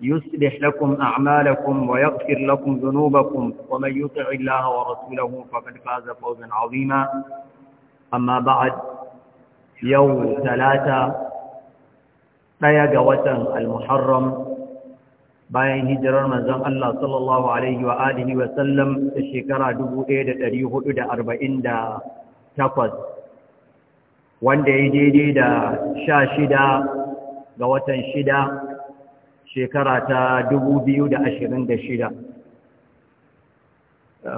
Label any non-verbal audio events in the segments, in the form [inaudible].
يصلح لكم أعمالكم ويغفر لكم ذنوبكم ومن يطع الله ورسوله فقد فاز فوزا عظيما أما بعد يوم ثلاثة طيق وطن المحرم bayan hijirar manzon Allah sallallahu alaihi wa alihi wa sallam da shekara 1448 wanda ya daidai da 16 ga watan shida. shekara ta 2026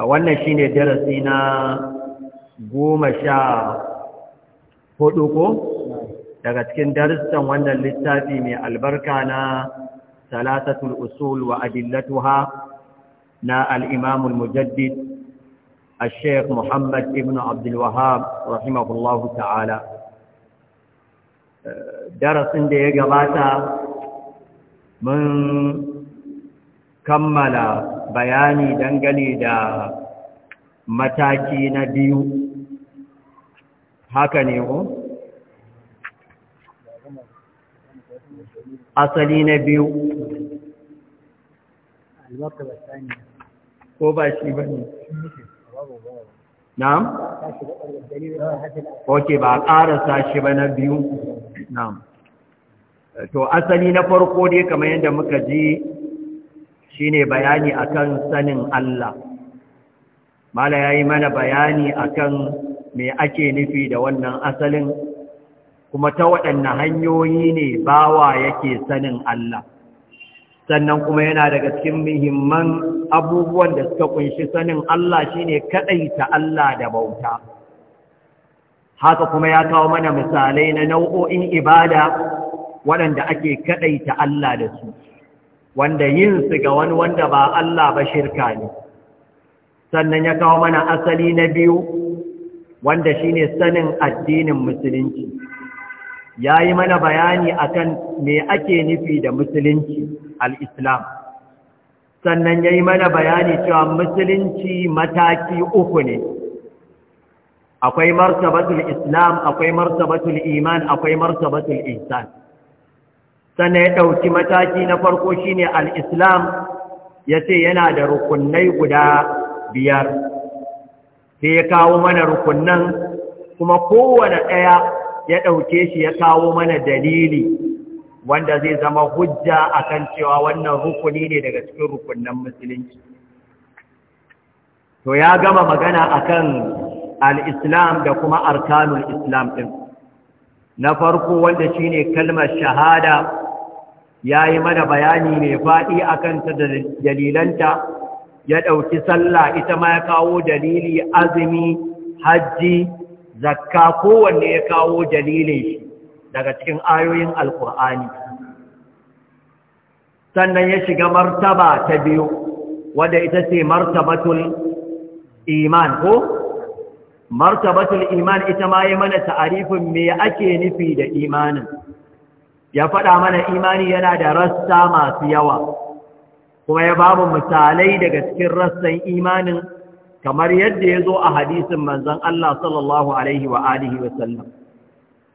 wannan shine darasi na goma sha hudu ko daga cikin darussan wannan littafi mai albarka na salatatul usul wa adillatuha na al-imam al-mujaddid الشيخ محمد ابن عبد الوهاب رحمه الله تعالى درس da ya gabata mun kammala bayani dangane da mataki na biyu haka ne ko asali na biyu ko ba shi ba ne na'am ok ba a ƙarasa shi ba na biyu na'am to asali na farko dai kamar yadda muka ji shine bayani akan sanin Allah mala yayi mana bayani akan me ake nufi da wannan asalin kuma ta waɗanne hanyoyi ne bawa yake sanin Allah sannan kuma yana daga cikin muhimman abubuwan da suka kunshi sanin Allah shine kadaita Allah da bauta haka kuma ya kawo mana misalai na nau'o'in ibada waɗanda ake kaɗaita Allah da su wanda yin su ga wani wanda ba Allah ba shirka ne sannan ya kawo mana asali na biyu wanda shine sanin addinin musulunci ya yi mana bayani kan me ake nufi da musulunci al-islam sannan ya yi mana bayani cewa musulunci mataki uku ne akwai martabatul islam akwai martabatul iman akwai martabatul ihsan sannan ya ɗauki mataki na farko shine al-islam ya ce yana da rukunnai guda biyar sai ya kawo mana rukunnan, kuma kowane ɗaya ya ɗauke shi ya kawo mana dalili wanda zai zama hujja akan cewa wannan rukuni ne daga cikin rukunnan musulunci to ya gama magana akan al-islam da kuma arkanul islam ɗin na farko wanda shine kalmar shahada ya yi mana bayani mai faɗi a kanta da dalilanta ya ɗauki sallah ita ma ya kawo dalili azumi hajji zakka kowanne ya kawo dalilin shi daga cikin ayoyin alkur'ani sannan ya shiga martaba ta biyu wadda ita ce martabatul iman ko martabatul iman ita ma ya mana ta'arifin me ake nufi da imanin ya faɗa mana imani yana da rassa masu yawa kuma ya babu misalai daga cikin rassan imanin kamar yadda ya zo a hadisin manzon Allah sallallahu alaihi wa alihi sallam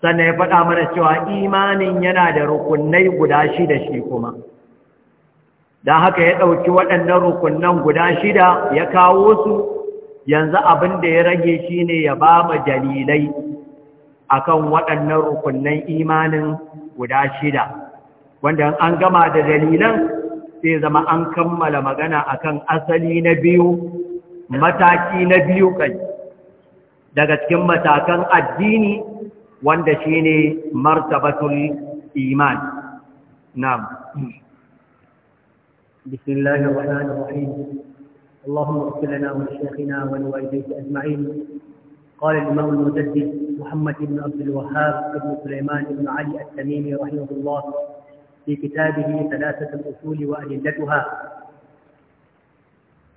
sannan ya faɗa mana cewa imanin yana da rukunai guda shida shi kuma don haka ya ɗauki waɗannan rukunan guda shida ya kawo su yanzu abin da ya rage shi ne ya ba dalilai a kan waɗannan rukunan imanin guda shida wanda an gama da dalilan sai zama an kammala magana akan asali na biyu mataki na biyu kai daga cikin matakan addini wanda shine martabatul iman na'am bismillahir rahmanir rahim اللهم اغفر لنا ولشيخنا ولوالديه ajma'in قال الإمام المجدد محمد بن عبد الوهاب بن سليمان بن علي التميمي رحمه الله في كتابه ثلاثة الأصول وأدلتها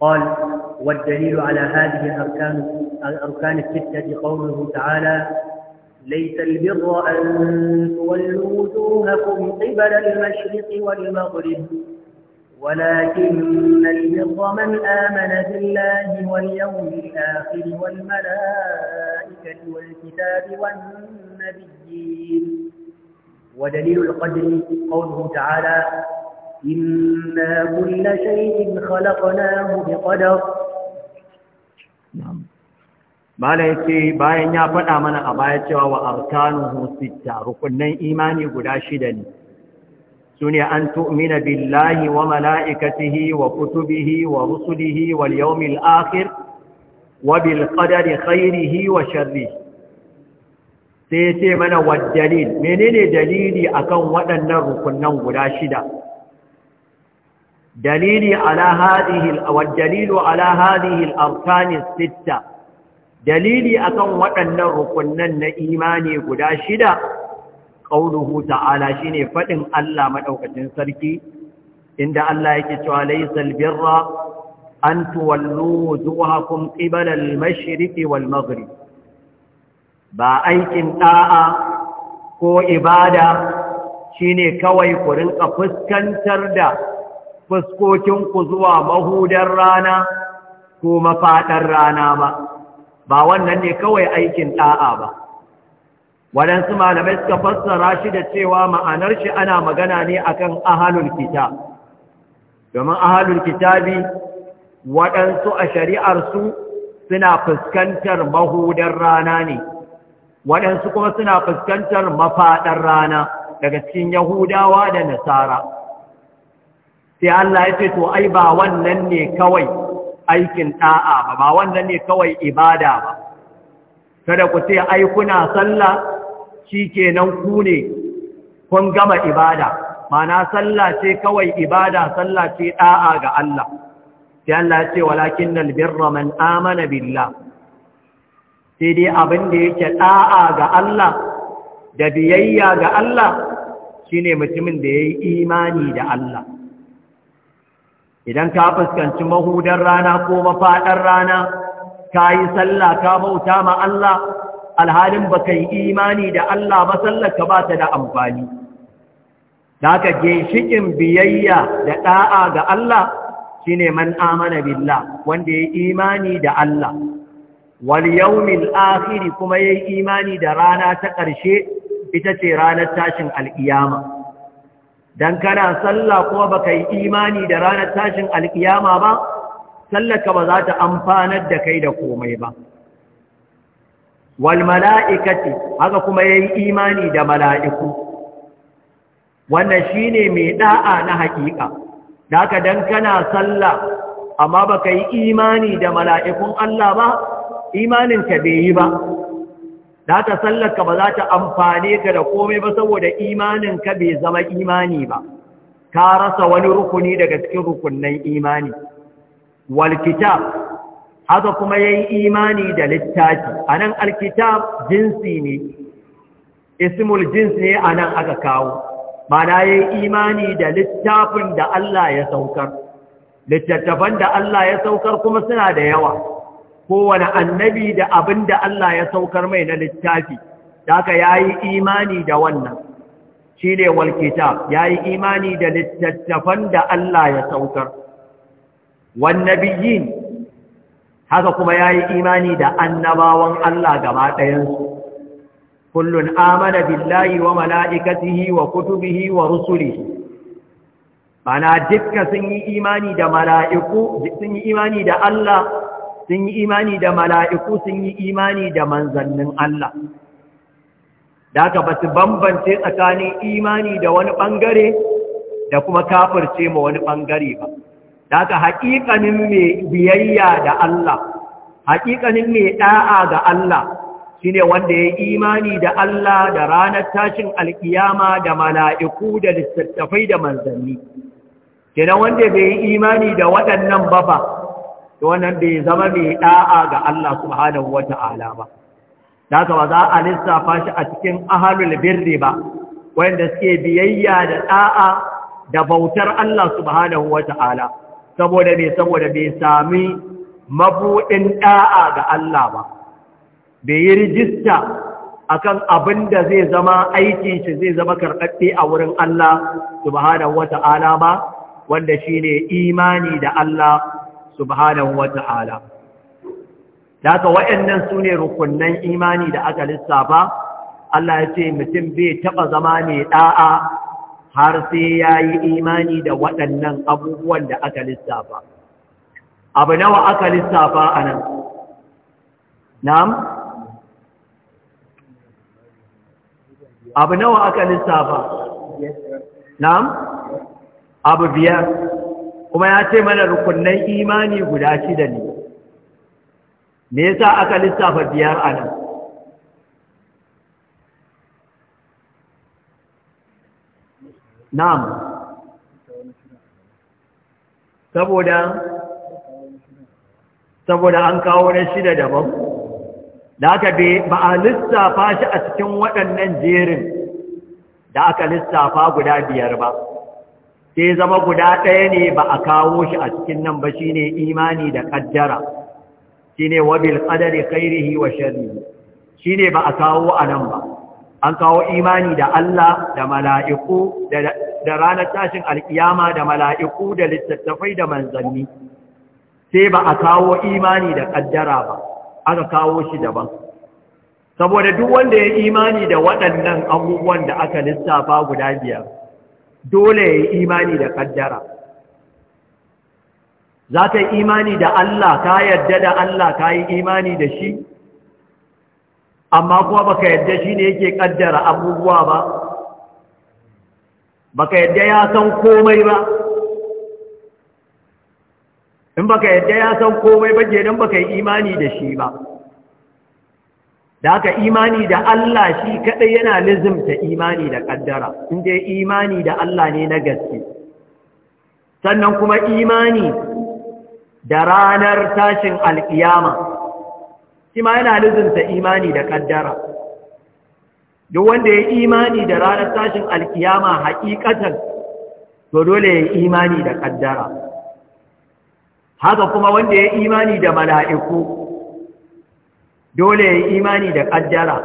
قال والدليل على هذه الأركان الأركان الستة قوله تعالى ليس البر أن تولوا وجوهكم قبل المشرق والمغرب ولكن البر من آمن بالله واليوم الآخر والملائكة والكتاب والنبيين ودليل القدر قوله تعالى إنا كل شيء خلقناه بقدر نعم Bala ya bayan ya faɗa mana a baya cewa wa arkanuhu sita rukunnan imani guda shida ne, sune an tu'mina billahi wa mala'ikatihi wa kutubihi wa rusulihi wal yawmil akhir wa bil qadari khairihi wa sharrihi sai ce mana wa dalil menene dalili akan waɗannan rukunan guda shida dalili ala hadhihi wa dalilu ala hadhihi al arkani sitta dalili akan waɗannan rukunan na imani guda shida ƙauruhu ta'ala shi ne faɗin Allah maɗaukacin sarki, inda Allah yake cewa laisal birra an tuwallu wujuhakum qibala al-mashriqi wal maghrib ba aikin ɗa'a ko ibada shine kawai ku rinka fuskantar da fuskokinku zuwa mahudar rana ko mafaɗar rana ba ba wannan ne kawai aikin ɗa'a ba waɗansu malamai suka fassara shi da cewa ma'anar shi ana magana ne akan ahalul kitab domin ahalul kitabi waɗansu a shari'arsu suna fuskantar mahudar rana ne waɗansu kuma suna fuskantar mafaɗar rana daga cikin yahudawa da nasara sai Allah ya ce to ai ba wannan ne kawai aikin ɗa'a ba ba wannan ne kawai ibada ba kada ku ce ai kuna sallah shi kenan ku ne kun gama ibada mana sallah ce kawai ibada sallah ce da'a ga Allah sai Allah ya ce walakinnal birra man amana billah sai dai abin da yake da'a ga Allah da biyayya ga Allah shine mutumin da yayi imani da Allah idan ka fuskanci mahudar rana ko mafaɗar rana ka yi sallah ka bauta ma Allah alhalin baka yi imani da Allah ba bata ba ta da amfani da haka ginshikin biyayya da ɗa'a ga Allah ne man amana billah wanda ya imani da Allah wal yawmil akhiri kuma ya imani da rana ta ƙarshe ita ce ranar tashin al'iyama. dan kana sallah kuma baka yi imani da ranar tashin al'iyama ba sallaka ba za ta amfanar da kai da komai ba wal mala'ikati haka kuma yayi imani da mala'iku wannan shine mai da'a na haƙiƙa. da ka dan kana sallah amma baka yi imani da mala'ikun Allah ba Imaninka bai yi ba da ta sallar ka ba za ta amfane ka da komai ba saboda imanin ka bai zama imani ba ka rasa wani rukuni daga cikin rukunnan imani wal kitab haka kuma ya yi imani da littafi a nan alkitab jinsi ne ismul jins ne a nan aka kawo mana ya yi imani da littafin da Allah ya saukar littattafan da Allah ya saukar kuma suna da yawa kowane annabi da abinda Allah ya saukar mai na littafi da aka ya yi imani da wannan shi ne walkitab ya yi imani da littattafan da Allah ya saukar wannabiyin haka kuma ya yi imani da annabawan Allah gaba ɗayansu kullun amana billahi wa mala'ikatihi wa kutubihi wa rusulihi bana dukka sun yi imani da mala'iku sun yi imani da Allah sun yi imani da mala'iku sun yi imani da manzannin Allah da aka ba su bambance tsakanin imani da wani ɓangare da kuma kafirce ma wani ɓangare ba ka haƙiƙanin mai biyayya da Allah, haƙiƙanin mai ɗa'a ga Allah, shi ne wanda ya imani da Allah da ranar tashin alƙiyama da mala'iku da littattafai da manzanni. Kina wanda bai imani da waɗannan ba ba, to wannan bai zama mai ɗa'a ga Allah subhanahu wa ta'ala ba. Daga ba za a lissafa shi a cikin ahalul birri ba, wanda suke biyayya da ɗa'a da bautar Allah subhanahu wa ta'ala. saboda mai saboda bai sami mabuɗin ɗa'a ga Allah ba bai yi rijista akan abin da zai zama aiki shi zai zama karɓaɓɓe a wurin Allah subhanahu wata'ala ba wanda shi ne imani da Allah subhanahu wata'ala da haka waɗannan su ne rukunnan imani da aka lissafa Allah ya ce mutum bai taɓa zama mai ɗa'a har sai ya yi imani da waɗannan abubuwan da aka lissafa. Abu nawa aka lissafa a nan? Na'am? Abu nawa aka lissafa? Na'am? Abu biyar, kuma ya ce mana rukunan imani guda shida ne. Me yasa aka lissafa biyar a nan? na'am saboda saboda an kawo na shida daban da aka ba a lissafa shi a cikin waɗannan jerin da aka lissafa guda biyar ba sai zama guda ɗaya ne ba a kawo shi a cikin nan ba shine imani da ƙaddara shine wabil qadari khairihi wa sharrihi shine ba a kawo a nan ba an kawo imani da Allah da mala'iku da ranar tashin alkiyama da mala'iku da littattafai da manzanni sai ba a kawo imani da ƙaddara ba aka kawo shi daban saboda duk wanda ya imani da waɗannan abubuwan da aka lissafa guda biyar dole ya yi imani da ƙaddara za ka yi imani da Allah ka yarda da Allah ka yi imani da shi amma kuma baka yadda shi ne yake kaddara abubuwa ba baka yadda ya san komai ba in baka yadda ya san komai ba kenan baka yi imani da shi ba da haka imani da Allah shi kaɗai yana lizimta imani da kaddara inda imani da Allah ne na gaske sannan kuma imani da ranar tashin alkiyama shi ma yana lizinta imani da kaddara duk wanda ya imani da ranar tashin alkiyama haƙiƙatan to dole ya imani da kaddara haka kuma wanda ya imani da mala'iku dole ya imani da kaddara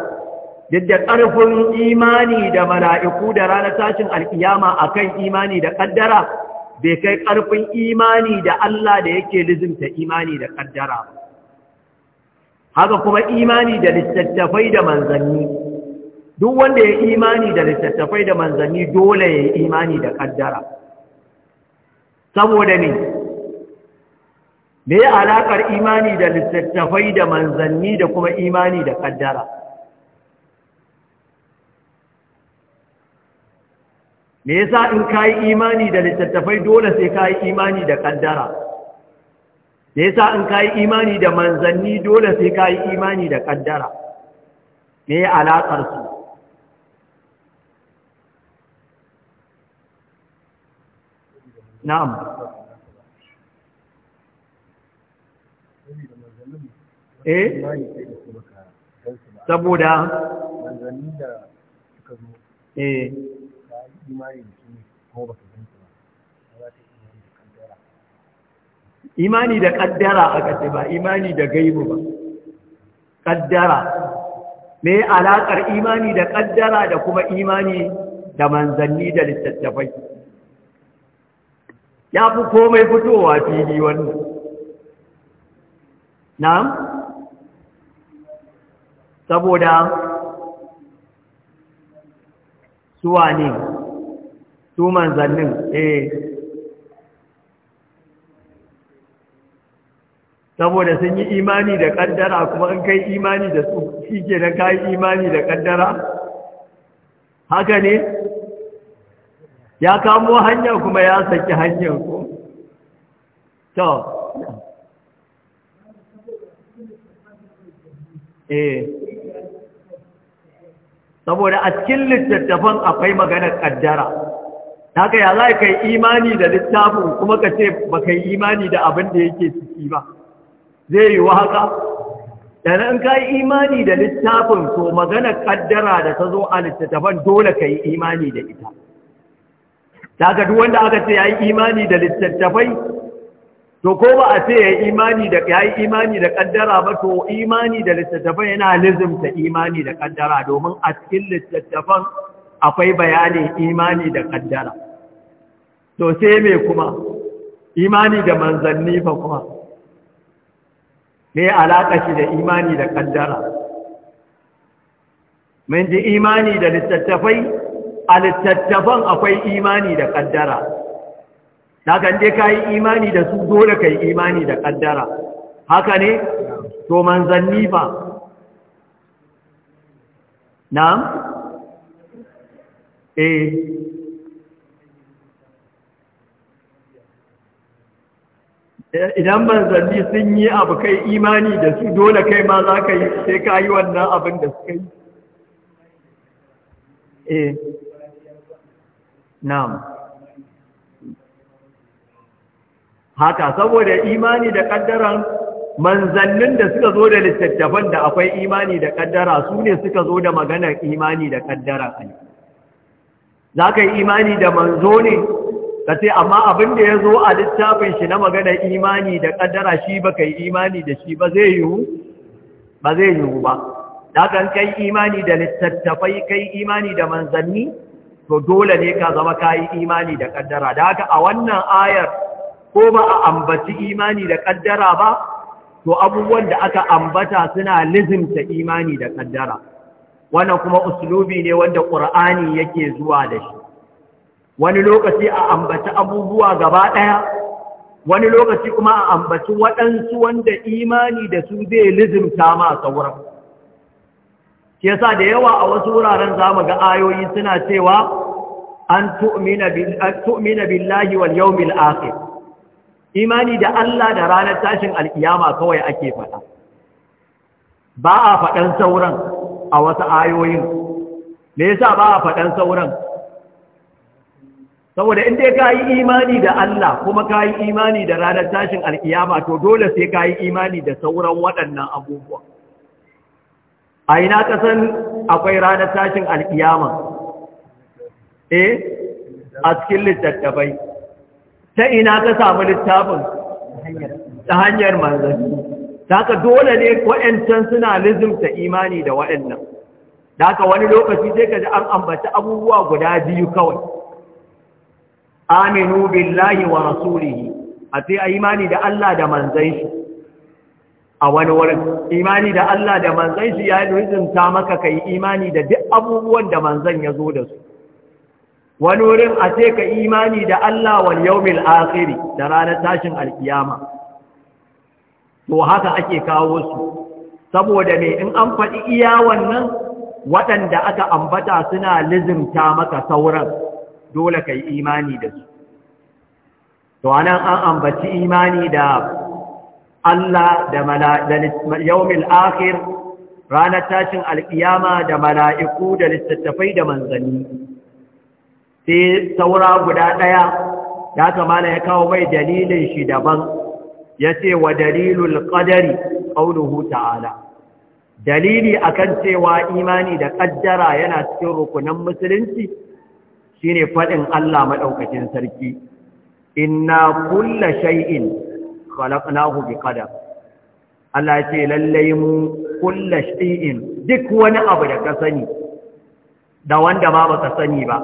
duk da ƙarfin imani da mala'iku da ranar tashin alkiyama akan imani da kaddara bai kai ƙarfin imani da Allah da yake lizinta imani da kaddara ba haka kuma imani da littattafai da manzanni duk wanda ya imani da littattafai da manzanni dole ya imani da kaddara saboda ne me ya alakar imani da littattafai da manzanni da kuma imani da kaddara me yasa in kayi imani da littattafai dole sai kayi imani da kaddara da ya sa in ka yi imani da manzanni dole sai ka yi imani da ƙaddara me ya alaƙarsu na'am eh saboda manzanni da suka zo eh ka yi imani da su ne ko baka imani da kaddara a kace ba imani da gaibu ba kaddara me alakar imani da kaddara da kuma imani da manzanni da littattafai ya fi komai fitowa fili wannan na'am saboda suwa ne su manzannin eh saboda sun yi imani da kaddara kuma in kai imani da su shi ke na kayi imani da kaddara haka ne ya kamo hanyar kuma ya saki hanyar ku to eh saboda a cikin littattafan akwai maganar kaddara haka ya za ka yi imani da littafin kuma ka ce ba ka yi imani da abin da yake ciki ba zai yi wa haka dan in ka yi imani da littafin to magana ƙaddara da ta zo a littattafan, dole ka yi imani da ita daga duk wanda aka ce ya yi imani da littattafai, to ko ba a ce yayi imani imani da ƙaddara ba to imani da littattafai yana lizimta imani da kaddara domin a cikin littattafan akwai bayanin imani da kaddara to sai me kuma imani da manzanni fa kuma me alaƙa shi da imani da ƙaddara? mun ji imani da littattafai a littattafan akwai imani da ƙaddara. daga dai ka yi imani da su dole ka yi imani da ƙaddara. haka ne to manzanni ba na eh idan manzanni sun yi abu kai imani da su dole kai ma za ka yi sai ka yi wannan abin da suka yi eh. haka saboda imani da kaddara manzannin da suka zo da littattafan da akwai imani da kaddara su ne suka zo da maganar imani da kaddara za ka yi imani da manzo ne ka ce amma abin da ya zo a littafin shi na magana imani da kaddara shi ba kai imani da shi ba zai yiwu ba zai yiwu ba dakan kai imani da littattafai kai imani da manzanni to dole ne ka zama ka yi imani da kaddara da haka a wannan ayar ko ba a ambaci imani da ƙaddara ba to abubuwan da aka ambata suna lizimta imani da ƙaddara. wannan kuma uslubi ne wanda ƙur'ani yake zuwa da shi wani lokaci a ambaci abubuwa gaba ɗaya wani lokaci kuma a ambaci waɗansu wanda imani da su zai lizimta ma sauran shi yasa da yawa a wasu wuraren za mu ga ayoyi suna cewa an tu'mina billahi wal yawmil akhir imani da Allah da ranar tashin alkiyama kawai ake faɗa ba a faɗan sauran a wasu ayoyin me yasa ba a faɗan sauran saboda in ka yi imani da Allah kuma ka yi imani da ranar tashin alkiyama to dole sai ka yi imani da sauran waɗannan abubuwa a ina san akwai ranar tashin alkiyama eh a cikin littattafai ta ina ka samu littafin ta hanyar manzanni ka dole ne waɗancan suna lizimta imani da waɗannan da wani lokaci sai ka ji an ambaci abubuwa guda biyu kawai aminu billahi wa rasulihi a ce a imani da Allah da manzai shi a wani wurin imani da Allah da manzai shi ya rizinta maka yi imani da duk abubuwan da manzan ya zo da su wani wurin a ce ka imani da Allah wal yawmil akhiri da ranar tashin alkiyama to haka ake kawo su saboda me in an faɗi iya wannan waɗanda aka ambata suna lizimta maka sauran dole ka yi imani da su to anan an ambaci imani da Allah da yawmil akhir ranar tashin alkiyama da mala'iku da littattafai da manzanni sai saura guda ɗaya ya kamala ya kawo mai dalilin shi daban ya ce wa dalilul ƙadari ƙaunuhu ta'ala dalili akan cewa imani da ƙaddara yana cikin rukunan musulunci shine faɗin Allah maɗaukacin sarki inna kulla shay'in khalaqnahu biqadar Allah ce lallai mu kulla shay'in duk wani abu da ka sani da wanda ba baka sani ba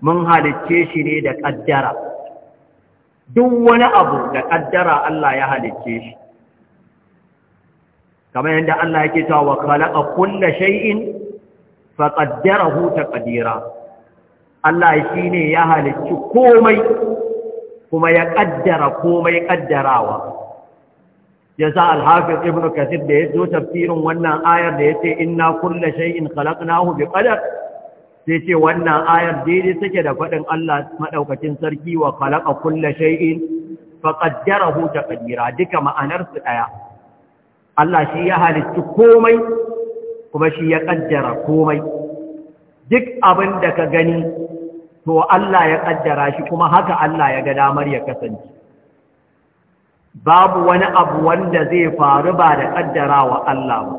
mun halicce shi ne da kaddara duk wani abu da kaddara Allah ya halicce shi kamar yadda Allah yake cewa wa khalaqa kulla shay'in faqaddarahu taqdira Allah shi ne ya halicci komai kuma ya ƙaddara komai ƙaddarawa ya sa alhafiz ibn Kathir da ya zo tafsirin wannan ayar da ya ce inna kulla shay'in khalaqnahu bi ƙadar, sai ce wannan ayar daidai take da faɗin Allah maɗaukacin sarki wa khalaqa kulla shay'in fa huta taqdira duka ma'anarsu ɗaya. Allah shi ya halicci komai kuma shi ya ƙaddara komai duk abin da ka gani to Allah ya kaddara shi kuma haka Allah ya ga damar ya kasance babu wani abu wanda zai faru ba da wa Allah ba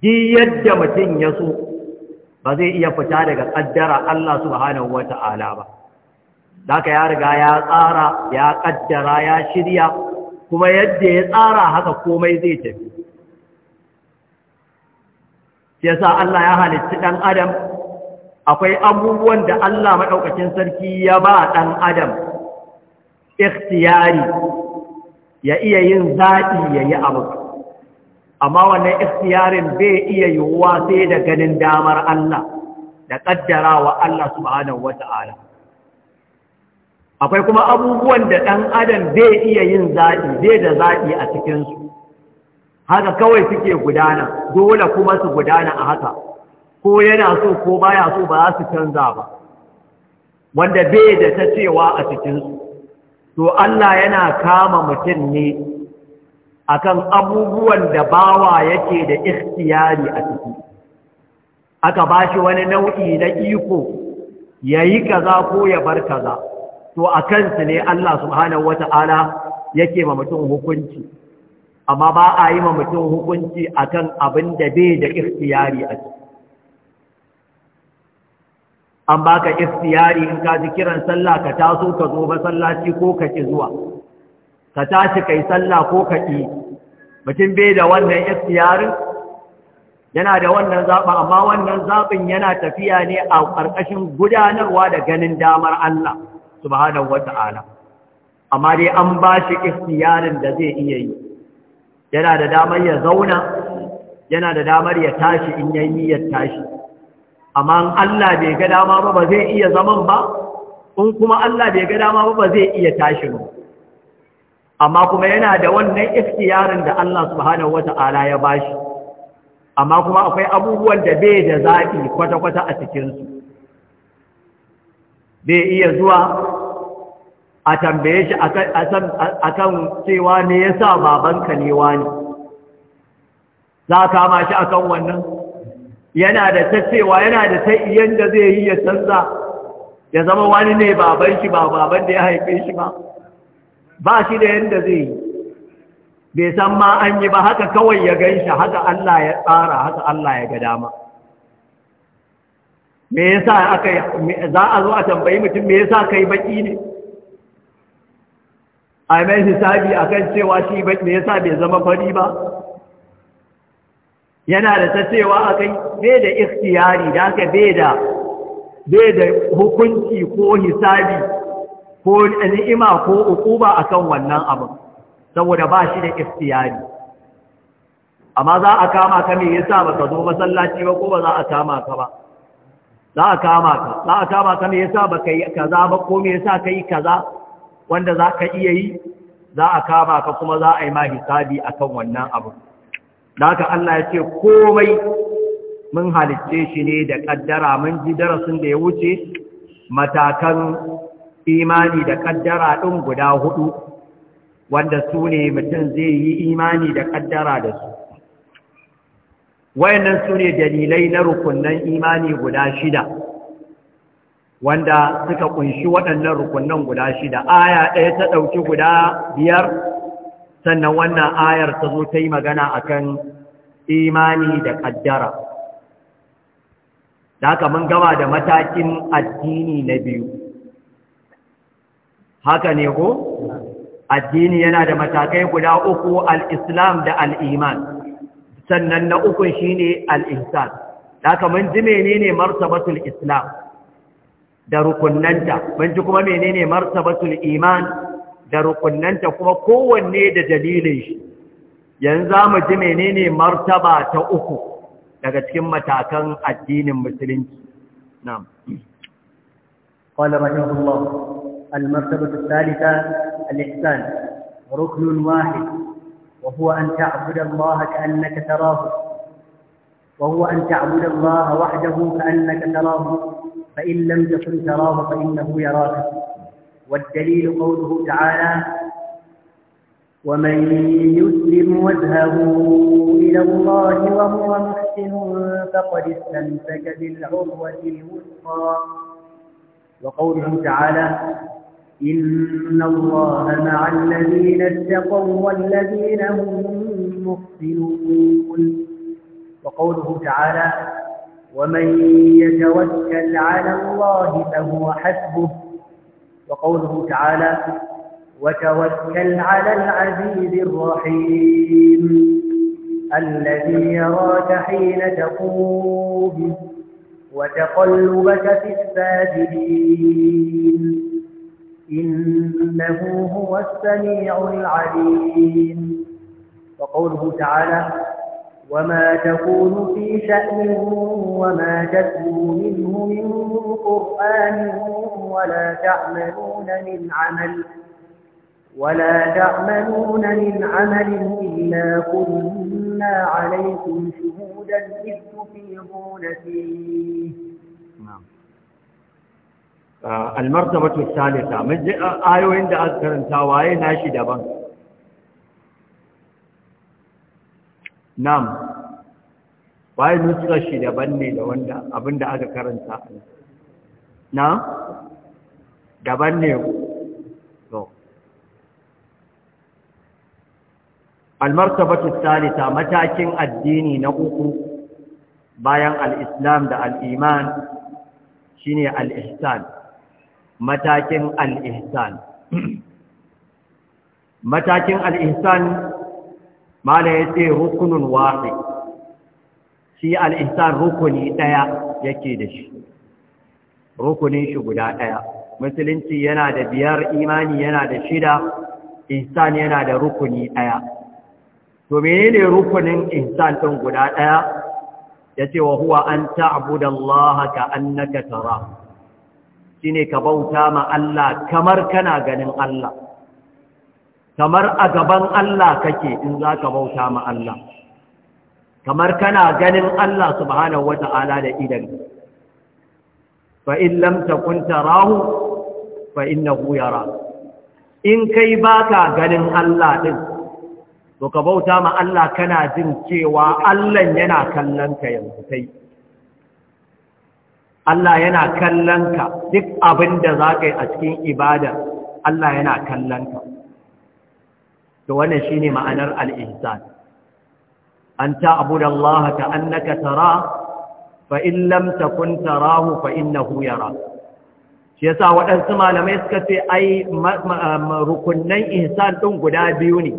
Di yadda mutum ya so ba zai iya fita daga kaddara Allah subhanahu wata'ala ba Daka ya riga ya tsara ya kaddara ya shirya kuma yadda ya tsara haka komai zai tafi yasa Allah ya halicci dan adam akwai abubuwan da Allah maɗaukacin sarki ya ba ɗan adam ikhtiyari ya iya yin zaɗi ya yi abu amma wannan ikhtiyarin bai iya yiwuwa sai da ganin damar Allah da ƙaddarawa Allah subhanahu wata'ala akwai kuma abubuwan da ɗan adam bai iya yin zaɓi bai da zaɓi a cikinsu haka kawai suke gudana dole kuma su gudana a haka ko yana so ko baya so ba za su canza ba wanda bai da ta cewa a cikinsu to Allah yana kama mutum ne akan abubuwan da bawa yake da ikhtiyari a ciki aka shi wani nau'i na iko yayi kaza ko ya bar kaza to akan su ne Allah subhanahu wata'ala yake ma mutum hukunci amma ba a yi ma mutum hukunci akan abin da bai da ikhtiyari a ciki an baka istiyari in ka ji kiran sallah ka taso ka zo ba sallaci ko ka ki zuwa ka tashi kai sallah ko ka ki mutum bai da wannan istiyarin yana da wannan zaɓin amma wannan zaɓin yana tafiya ne a ƙarƙashin gudanarwa da ganin damar Allah subhanahu wata'ala amma dai an ba shi istiyarin da zai iya yi yana da damar ya zauna yana da damar ya tashi in yayi ya tashi amma Allah bai ga dama ba ba zai iya zaman ba in kuma Allah bai ga dama ba ba zai iya tashi ba amma kuma yana da wannan ikhtiyarin da Allah subhanahu wata'ala ya bashi amma kuma akwai abubuwan da bai da zafi kwata-kwata a cikinsu bai iya zuwa a tambaye shi a cewa ne ya sa babanka ne wani za a kama shi a kan wannan yana da ta cewa yana da ta da zai yi ya canza ya zama wani ne baban shi ba baban da ya haife shi ba ba shi da yanda zai yi bai san ma an yi ba haka kawai ya gan shi haka Allah ya tsara haka Allah ya ga dama me yasa aka za a zo a tambayi mutum me yasa kai baki ne a mai hisabi akan cewa shi me yasa bai zama fari ba yana da ta cewa a kai bai da ikhtiyari da aka bai da hukunci ko hisabi ko ni'ima ko ukuba akan wannan abin saboda ba shi da ikhtiyari amma za a kama ka me yasa baka zo masallaci ba ko ba za a kama ka ba za a kama ka za a kama ka me yasa baka yi kaza ba ko me yasa ka yi kaza wanda za ka iya yi za a kama ka kuma za a yi ma hisabi akan wannan abin da Allah ya ce komai mun halicce shi ne da ƙaddara mun ji darasin da ya wuce matakan imani da ƙaddara ɗin guda hudu wanda su ne mutum zai yi imani da ƙaddara da su wayannan su ne dalilai na rukunan imani guda shida wanda suka kunshi waɗannan rukunan guda shida aya ɗaya ta ɗauki guda biyar sannan wannan ayar ta zo ta yi magana akan imani da ƙaddara da haka mun gama da matakin addini na biyu haka ne ko addini yana da matakai guda uku al da al-iman sannan na uku shine al-ihsan da haka mun ji menene martabatul islam da rukunnanta mun ji kuma menene martabatul iman da rukunnanta kuma kowanne da dalilin shi yanzu za mu ji menene martaba ta uku daga cikin matakan addinin musulunci na'am قال رحمه الله المرتبة الثالثة الإحسان ركن واحد وهو أن تعبد الله كأنك تراه وهو أن تعبد الله وحده كأنك تراه فإن لم تكن تراه فإنه يراك والدليل قوله تعالى ومن يسلم وجهه إلى الله وهو محسن فقد استمسك بالعروة الوثقى وقوله تعالى إن الله مع الذين اتقوا والذين هم محسنون وقوله تعالى ومن يتوكل على الله فهو حسبه وقوله تعالى وتوكل على العزيز الرحيم الذي يراك حين تقوم وتقلبك في الساجدين إنه هو السميع العليم وقوله تعالى وما تكون في شأنه وما تتلو منه من قرآن ولا تعملون من عمل ولا تعملون من عمل إلا كنا عليكم شهودا إذ تفيضون فيه نعم. آه، المرتبة الثالثة من آه، آيوين دا أذكر انتاوائي ناشي دبان nam bayan nutsar shi daban ne da wanda abinda aka karanta na daban ne to almartabatu salita matakin addini na uku bayan al-islam da al-iman shine al-ihsan matakin al-ihsan matakin al-ihsan mala ya ce rukunin waɗi shi al'insan rukuni ɗaya yake da shi rukunin shi guda ɗaya musulunci yana da biyar imani yana da shida insan yana da rukuni ɗaya to menene rukunin insan ɗin guda ɗaya ya ce wa huwa an ta'budallaha ka annaka tara shine ka bauta ma Allah kamar kana ganin Allah kamar a gaban Allah kake in za ka bauta ma Allah kamar kana ganin Allah subhanahu wa ta'ala da idan fa in lam takun tarahu fa in kai baka ganin Allah ɗin, to ka bauta ma Allah kana jin cewa Allah yana kallon ka yanzu kai Allah yana kallon ka duk abin da za ka yi a cikin ibada Allah yana kallon ka to wannan shine ma'anar al-ihsan an ta'budu Allah ka annaka tara fa in lam takun tarahu fa innahu yara shi yasa waɗansu malamai suka ce ai rukunnan ihsan din guda biyu ne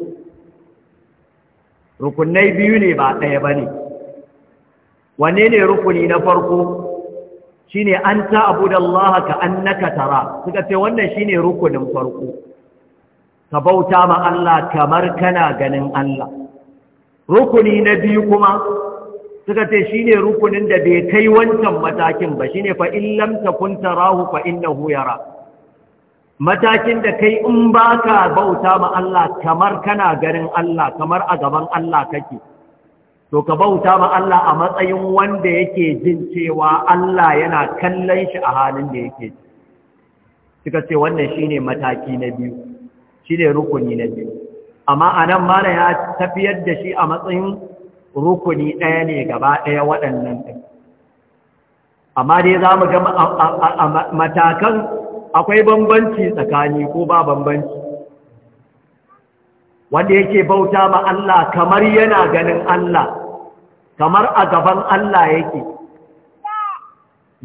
rukunai biyu ne ba ɗaya bane wanne ne rukuni na farko shine an ta'budu Allah ka annaka tara suka ce wannan shine rukunin farko ka bauta ma Allah kamar kana ganin Allah rukuni na biyu kuma suka ce shine rukunin da bai kai wancan matakin ba shine fa in lam takun tarahu fa innahu yara matakin da kai in baka bauta ma Allah kamar kana ganin Allah kamar a gaban Allah kake to ka bauta ma Allah a matsayin wanda yake jin cewa Allah yana kallon shi a halin da yake suka ce wannan shine mataki na biyu ne rukuni na biyu amma a nan mana ya tafiyar da shi a matsayin rukuni ɗaya ne gaba ɗaya waɗannan ɗin amma dai za mu ga matakan akwai bambanci tsakani ko ba bambanci wanda yake bauta ma Allah kamar yana ganin Allah kamar a gaban Allah yake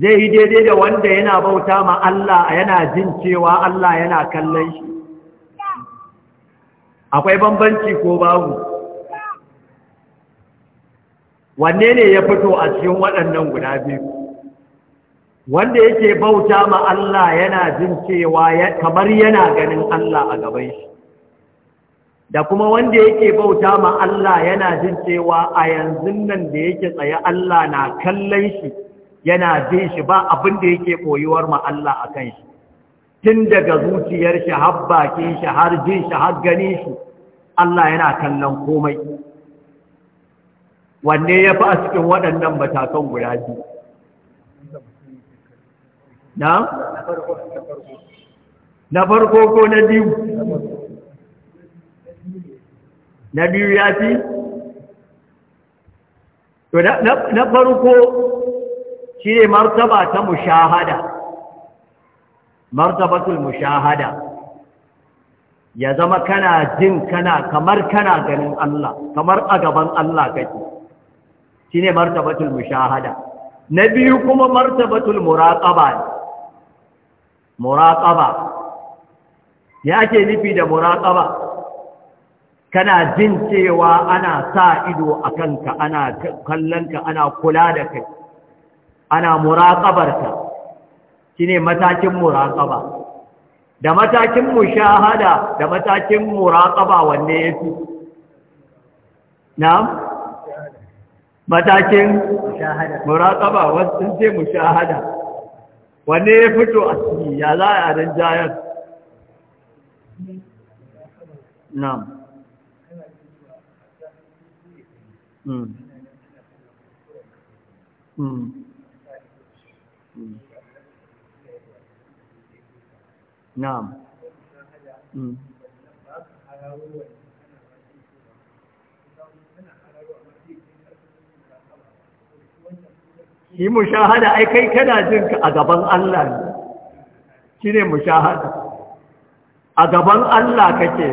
zai yi daidai da wanda yana bauta ma Allah yana jin cewa Allah yana kallon shi akwai bambanci ko babu wanne ne ya fito a cikin waɗannan guda biyu wanda yake bauta ma Allah yana jin cewa kamar yana ganin Allah a gaban shi da kuma wanda yake bauta ma Allah yana jin cewa a yanzu nan da yake tsaye Allah na kallon shi yana jin shi ba abin da yake koyuwar ma Allah a kan shi tun daga zuciyar shi har bakin shi har jin shi har gani shi Allah yana kallon komai wanne ya fi a cikin waɗannan matakan guda biyu na? na farko ko na biyu na biyu ya fi? na farko shi ne martaba ta mushahada martabatul mushahada ya zama kana jin kana kamar kana ganin Allah kamar a gaban Allah kake shine martabatul mushahada na biyu kuma martabatul muraqaba muraqaba ya ke nufi da muraqaba kana jin cewa ana sa ido a kanka ana kallonka ana kula da kai ana muraƙabarka ne matakin muraƙaba. da matakin mushahada da matakin muraƙaba wanne ya fi? na'am matakin muraƙaba wasu ce mushahada wanne ya fito a ciki ya za a dan jayar na'am Mm. Mm. نعم shi hmm. mushahada ai kai kana jin ka a gaban Allah ne shine mushahada a gaban Allah kake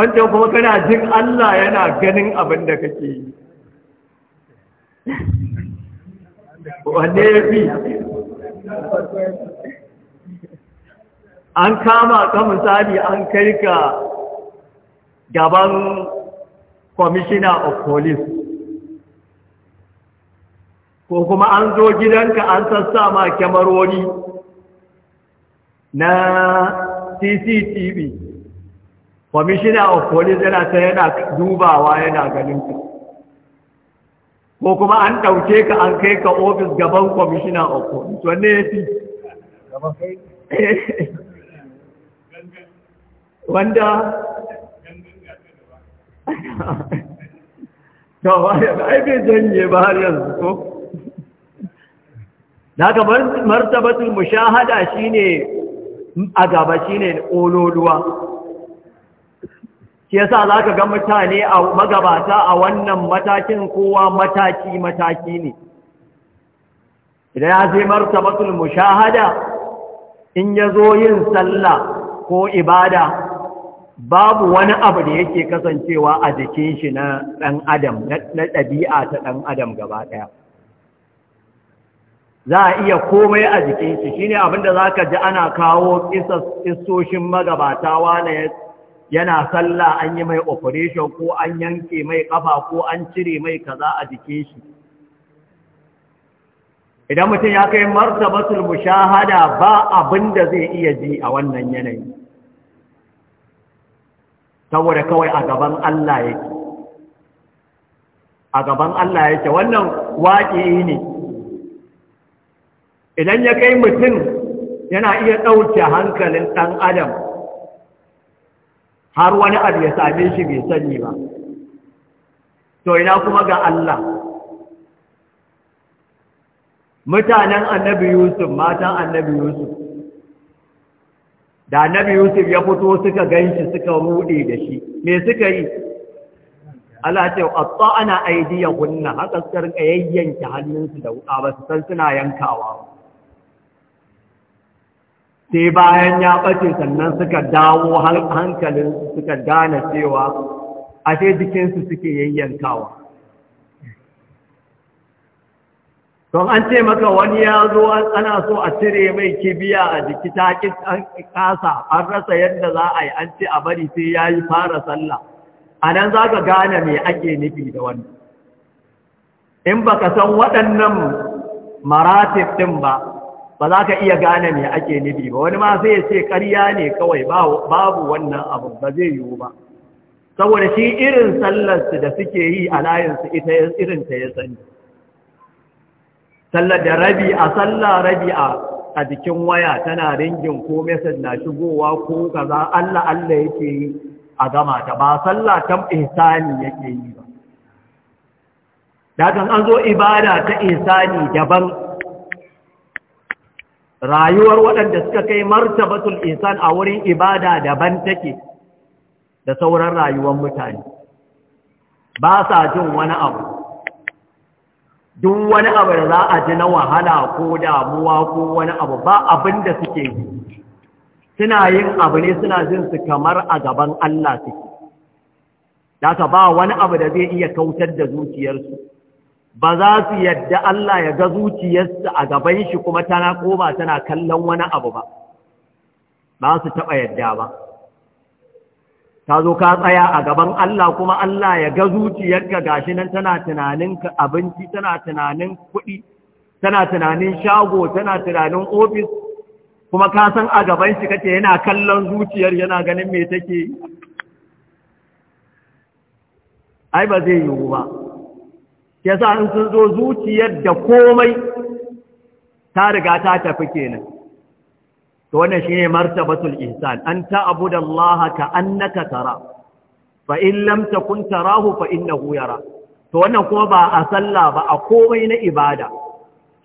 wanda kuma kana jin Allah yana ganin abin da kake yi wanda ya fi an kama ka misali an kai ka gaban commissioner of police ko kuma an zo gidanka an sassa ma kyamaroni na cctv commissioner of police yana ta yana dubawa yana ganin ka ko kuma an ɗauke ka an kai ka ofis gaban commissioner of police wanne ya fi [laughs] wanda to ai bai janye ba har yanzu ko daga martabatul mushahada shine a gaba shine ololuwa shi yasa zaka ga mutane a magabata a wannan matakin kowa mataki mataki ne idan ya je martabatul mushahada in yazo yin sallah ko ibada babu wani abu da yake kasancewa a jikin shi na ɗan adam na ɗabi'a ta ɗan adam gaba ɗaya za a iya komai a jikin shi shine abinda za ka ji ana kawo ƙisoshin magabata na yana sallah an yi mai operation ko an yanke mai ƙafa ko an cire mai kaza a jikin shi idan mutum ya kai martabatul mushahada ba abinda zai iya ji a wannan yanayi saboda kawai a gaban Allah yake a gaban Allah yake wannan waƙi ne idan ya kai mutum yana iya ɗauke hankalin ɗan adam har wani abu ya same shi bai sani ba to ina kuma ga Allah mutanen annabi yusuf matan annabi yusuf da annabi yusuf ya fito suka ganshi suka rude da shi me suka yi Allah ce atta ana aidiyahunna haka suka rinka yayyanke hannunsu da wuka ba su san suna yankawa sai bayan ya bace sannan suka dawo hankalin suka gane cewa ashe jikinsu suke yayyankawa don an ce maka wani ya zo ana so a cire mai kibiya a jiki ta kasa an rasa yadda za a yi an ce a bari sai ya yi fara sallah a nan za ka gane mai ake nufi da wani in ba ka san waɗannan maratif ɗin ba ba za ka iya gane mai ake nufi ba wani ma sai ce ƙarya ne kawai babu wannan abu ba zai yiwu ba saboda shi irin sallarsu da suke yi a layinsu ita irin ta ya sani sallar da rabi a salla rabi a jikin waya tana ringin ko mesej na shigowa ko kaza Allah Allah yake yi a gama ta ba salla ta ihsani yake yi ba dakan an zo ibada ta ihsani daban rayuwar waɗanda suka kai martabatul ihsan a wurin ibada daban take da sauran rayuwar mutane ba sa jin wani abu duk wani abu da za a ji na wahala ko damuwa ko wani abu ba abin da suke yi suna yin abu ne suna jin su kamar a gaban Allah suke daga ba wani abu da zai iya kautar da zuciyarsu ba za su yadda Allah ya ga zuciyarsu a gaban shi kuma tana koma tana kallon wani abu ba ba su taɓa yadda ba ka zo ka tsaya a gaban Allah kuma Allah ya ga zuciyarka gashi nan tana tunanin abinci tana tunanin kuɗi tana tunanin shago tana tunanin ofis kuma ka san a gaban shi kake yana kallon zuciyar yana ganin me take ai ba zai yiwu ba yasa in sun zo zuciyar da komai ta riga ta tafi kenan to wannan shine martabatul ihsan an ka annaka tara fa in lam takun tarahu fa innahu yara to wannan kuma ba a sallah ba a komai na ibada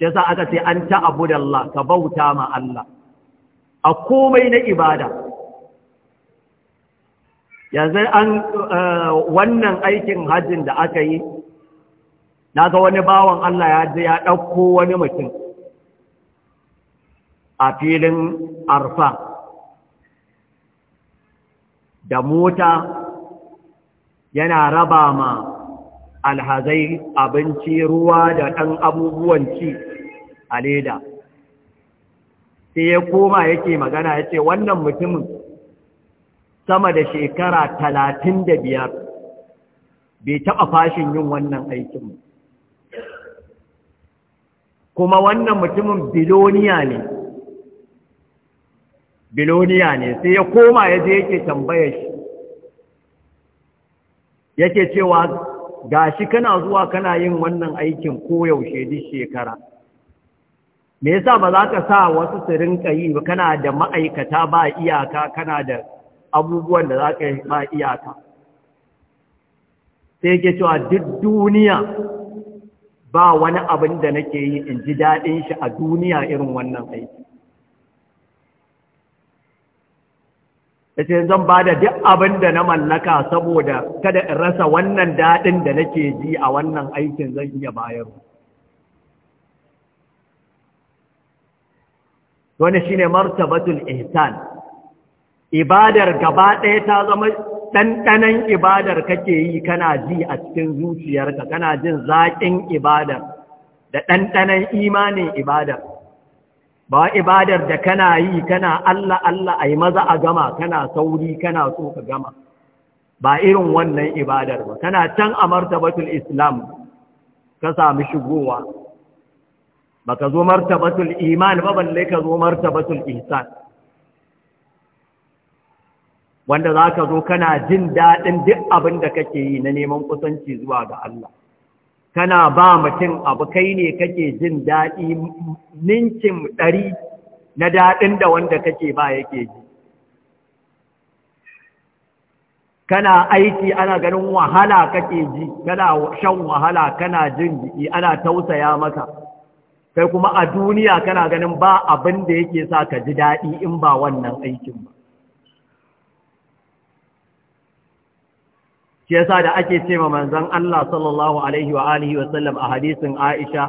sa aka ce an ta'budallaha ka bauta ma Allah a komai na ibada yanzu an eh, wannan aikin hajjin da aka yi naga wani bawan Allah ya je ya dauko wani mutum a filin arfa da mota yana raba ma alhazai abinci ruwa da ɗan abubuwan ci a leda sai ya koma yake magana ya ce wannan mutumin sama da shekara talatin da biyar bai taɓa fashin yin wannan aikin kuma wannan mutumin biloniya ne biloniya ne sai ya koma ya je yake tambaya shi yake cewa ga shi kana zuwa kana yin wannan aikin koyaushe duk shekara me yasa ba za ka sa wasu su rinka yi ba kana da ma'aikata ba iyaka kana da abubuwan da za ka yi ba iyaka sai ke cewa duk duniya ba wani abin da nake yi in ji daɗin shi a duniya irin wannan aiki yace zan ba da duk abin da na mallaka saboda kada in rasa wannan daɗin da nake ji a wannan aikin zan iya bayar wani shine martabatul ihsan ibadar gaba ɗaya ta zama ɗanɗanon ibadar kake yi kana ji a cikin zuciyarka kana jin zaƙin ibadar da ɗanɗanon imanin ibadar ba ibadar da kana yi kana Allah Allah ai maza a gama kana sauri kana so ka gama ba irin wannan ibadar ba kana can a martabatul islam ka sami shigowa baka zo martabatul iman ba balle ka zo martabatul ihsan wanda za ka zo kana jin daɗin duk abin da kake yi na neman kusanci zuwa ga Allah kana ba mutum abu kai ne kake jin daɗi ninkin ɗari na daɗin da wanda kake ba yake ji kana aiki ana ganin wahala kake ji kana shan wahala kana jin jiki ana tausaya maka kai kuma a duniya kana ganin ba abin da yake sa ka ji daɗi in ba wannan aikin ba shi yasa da ake ce ma manzon Allah sallallahu alaihi wa alihi wa sallam a hadisin Aisha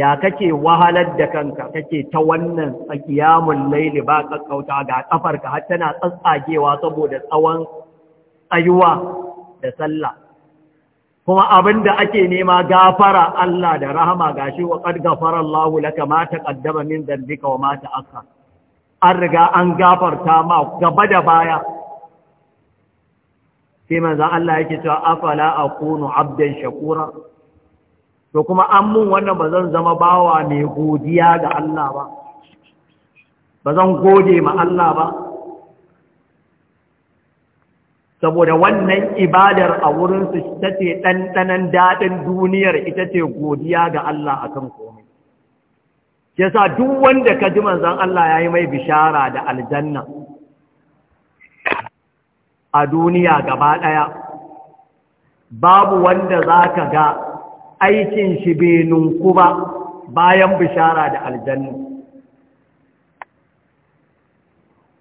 ya kake wahalar da kanka kake ta wannan tsakiyamul laili ba kakkauta ga kafarka har tana tsatsagewa saboda tsawon tsayuwa da sallah kuma abin abinda ake nema gafara Allah da rahama gashi wa qad ghafara Allahu laka ma taqaddama min dhanbika wa ma an riga an gafarta ma gaba da baya sai manzan Allah yake cewa afala akunu abdan shakura to kuma an mun wannan bazan zama bawa mai godiya ga Allah ba bazan gode ma Allah ba saboda wannan ibadar a wurinsu su tace ɗanɗanan dadin duniyar ita ce godiya ga Allah akan komai sa duk wanda ka ji manzan Allah ya yi mai bishara da aljanna a duniya gaba ɗaya babu wanda za ka ga aikin shi beninku ba bayan bishara da aljanna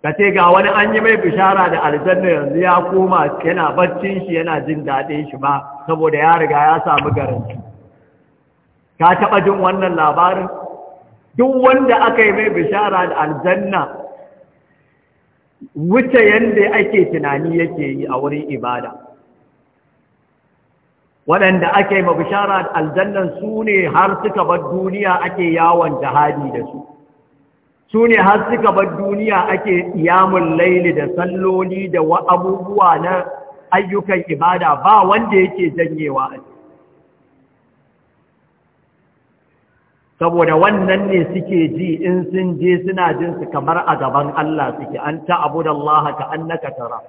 ka ce ga wani an yi mai bishara da aljanna yanzu ya koma yana baccin shi yana jin daɗin shi ba saboda ya riga ya sami garanti ka taɓa jin wannan labarin duk wanda aka yi mai bishara da aljanna wuce yadda ake tunani yake yi a wurin ibada waɗanda ake mabishara aljannan su ne har suka bar duniya ake yawon jihadi da su su ne har suka bar duniya ake iyamun laili da salloli da abubuwa na ayyukan ibada ba wanda yake janyewa a saboda wannan ne suke ji in sun je suna jin su kamar a gaban Allah suke an ta'budu Allah ka annaka tara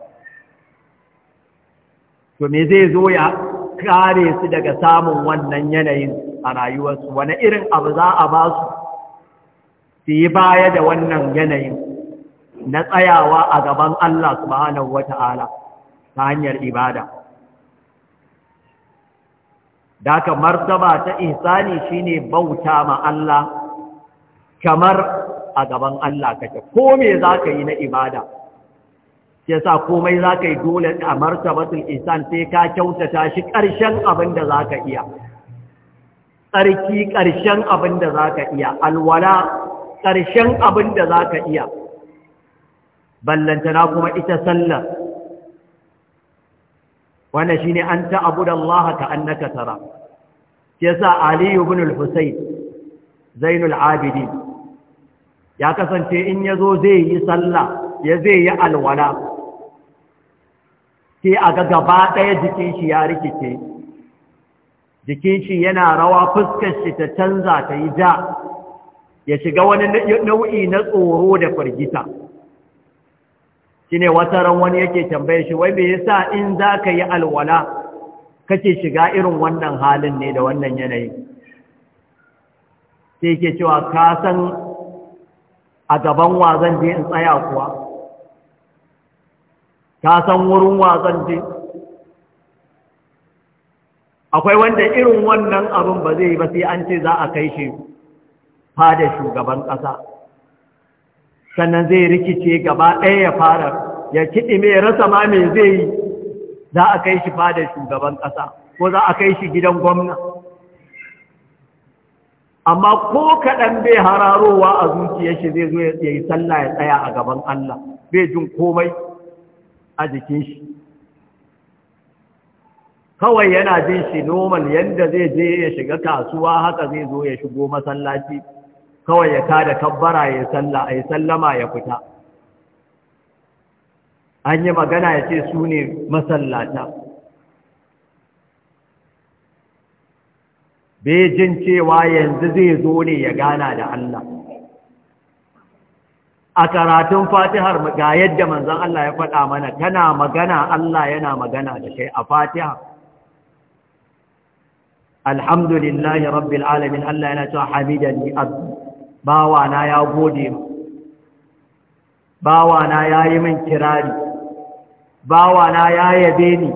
to me zai zo ya kare su daga samun wannan yanayin a rayuwarsu wani irin abu za a ba su su yi baya da wannan yanayin na tsayawa a gaban Allah subhanahu wata'ala ta hanyar ibada da haka martaba ta ihsani shine bauta ma Allah kamar a gaban Allah kake ko me zaka yi na ibada sai sa komai zaka yi dole a martabatul ihsan sai ka kyautata shi ƙarshen abin da zaka iya tsarki ƙarshen abin da zaka iya alwala ƙarshen abin da zaka iya ballantana kuma ita sallar wannan shine an ta'budu Allah ka naka tara yasa Ali ibn al-Husayn Zainul Abidi, ya kasance in yazo zai yi sallah ya zai yi alwala sai aga gaba ɗaya jikin shi ya rikice jikin shi yana rawa fuskar shi ta canza ta yi ja ya shiga wani nau'i na tsoro da firgita shine wata ran wani yake tambaye shi wai me yasa in zaka yi alwala kake shiga irin wannan halin ne da wannan yanayi sai yake cewa ka san a gaban wa zan je in tsaya kuwa ka san wurin wa zan je akwai wanda irin wannan abin ba zai yi ba sai an ce za a kai shi fada shugaban ƙasa sannan zai rikice gaba ɗaya ya fara ya kiɗi mai rasa ma mai zai yi za a kai shi fada shugaban ƙasa ko za a kai shi gidan gwamna amma ko kaɗan bai hararowa a zuciyar shi zai zo ya yi sallah ya tsaya a gaban Allah bai jin komai a jikin shi kawai yana jin shi noman yadda zai je ya shiga kasuwa haka zai zo ya shigo masallaci kawai ya tada kabbara ya salla ai sallama ya fita an yi magana ya ce su ne masallata bejin cewa yanzu zai zo ne ya gana da Allah a karatun fatihar ga yadda manzan Allah ya faɗa mana tana magana Allah yana magana da kai a fatiha alhamdulillahi rabbil alamin Allah yana cewa hamidani abdi bawana ya gode bawana ya yi min kirari bawana ya yabe ni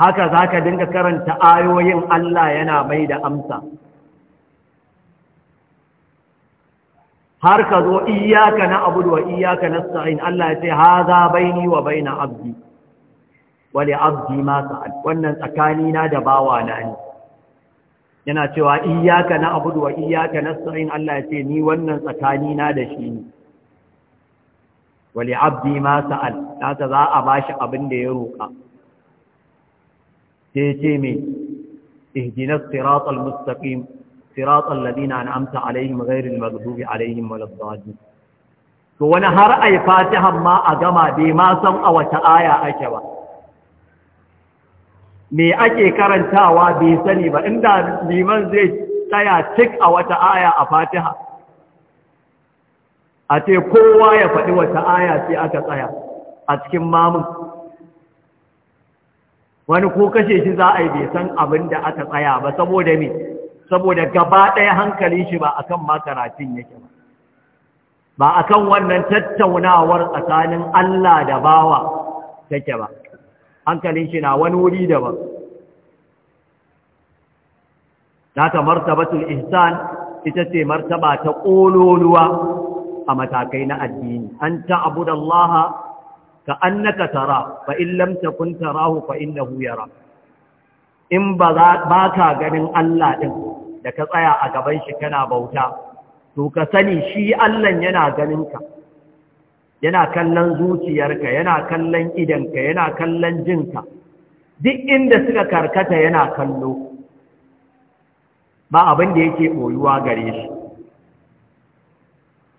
haka za ka dinga karanta ayoyin Allah yana mai da amsa har ka zo iyaka na abudu wa iyaka na sa'in Allah ya ce ha za baini wa baina abdi wale abdi ma sa'ad wannan tsakanina da bawana ne yana cewa na abudu, wa na nasta'in Allah ya ce ni wannan tsakani na da shi ne wali abdi ma sa'al haka za a bashi abin da ya roka sai ce me ihdinas siratal mustaqim siratal ladina an'amta alaihim ghairil maghdubi alaihim waladdallin to wani har ai fatihan ma a gama bai ma san a wata aya ake ba me ake karantawa bai sani ba inda liman zai tsaya tik a wata aya a fatiha a ce kowa ya faɗi wata aya sai aka tsaya a cikin mamun wani ko kashe shi za a yi bai san abin da aka tsaya ba saboda me saboda gaba ɗaya hankali shi ba akan makaratun yake ba ba akan wannan tattaunawar tsakanin Allah da bawa take ba hankalin shi na wani wuri daban haka martabatul ihsan ita ce martaba ta ƙololuwa a matakai na addini an ta'budu Allah ka annaka tara fa in lam takun tarahu fa innahu yara in ba ganin Allah din da ka tsaya a gaban shi kana bauta to ka sani shi Allah yana ganin ka yana kallon zuciyarka yana kallon idanka yana kallon jinka duk inda suka karkata yana kallo ba abin da yake boyuwa gare shi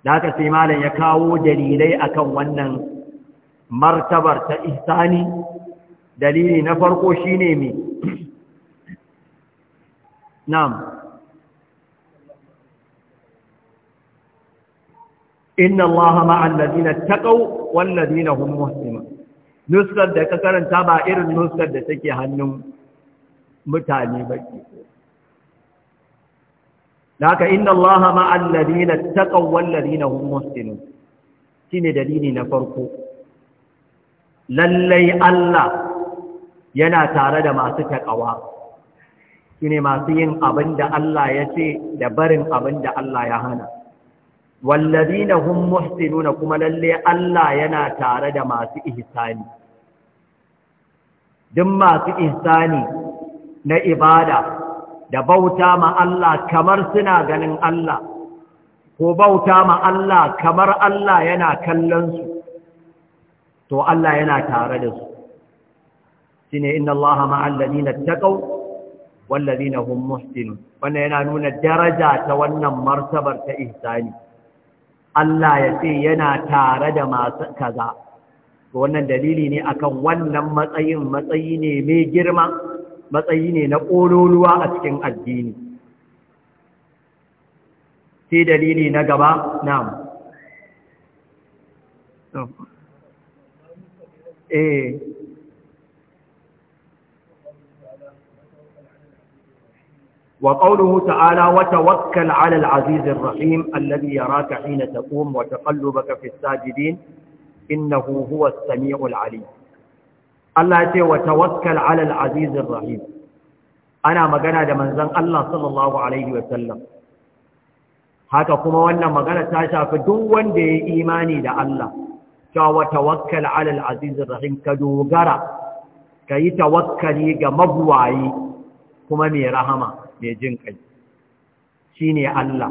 da aka sai malam ya kawo dalilai akan wannan martabar ta ihsani dalili na farko shine me [clears throat] na'am inna allaha ma'an ladina taqaw wal ladina hum muhsinun nuskar da ka karanta ba irin nuskar da take hannun mutane ba ke haka inna allaha ma'an ladina taqaw wal ladina hum muhsinun shine dalili na farko lallai Allah yana tare da masu taƙawa shine masu yin abin da Allah ya ce da barin abin da Allah ya hana wallazina hum nuna kuma lalle Allah yana tare da masu ihsani duk masu ihsani na ibada da bauta ma Allah kamar suna ganin Allah ko bauta ma Allah kamar Allah yana kallon su to Allah yana tare da su Sine inna Allah na ladina taqaw wal ladina hum muhsinun wannan yana nuna daraja ta wannan martabar ta ihsani Allah ya ce yana tare da masu kaza wannan dalili ne akan wannan matsayin matsayi ne mai girma matsayi ne na ƙololuwa a cikin addini sai dalili na gaba mu eh وقوله تعالى وتوكل على العزيز الرحيم الذي يراك حين تقوم وتقلبك في الساجدين إنه هو السميع العليم الله يتي وتوكل على العزيز الرحيم أنا مقنا دمنزن الله صلى الله عليه وسلم haka kuma wannan magana ta shafi duk wanda ya imani da Allah cewa tawakkal ala al-azizir rahim ka dogara kayi tawakkali ga mabwayi kuma mai rahama mai jin kai shine Allah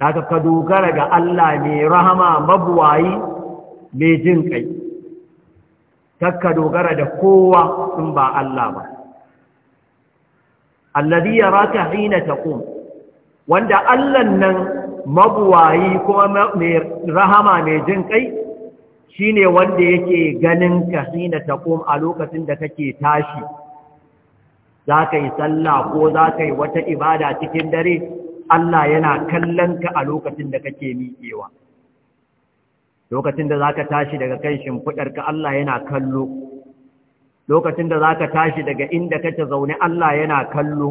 daga ka dogara ga Allah mai rahama mabuwayi mai jin kai takka dogara da kowa in ba Allah ba alladhi yaraka hina taqum wanda Allah nan mabuwayi kuma mai rahama mai jin kai shi ne wanda yake ganin ka hina taƙum a lokacin da kake tashi za ka yi sallah ko za ka yi wata ibada cikin dare Allah yana kallon ka a lokacin da kake miƙewa lokacin da za ka tashi daga kan shimfiɗarka Allah yana kallo lokacin da za ka tashi daga inda kake zaune Allah yana kallo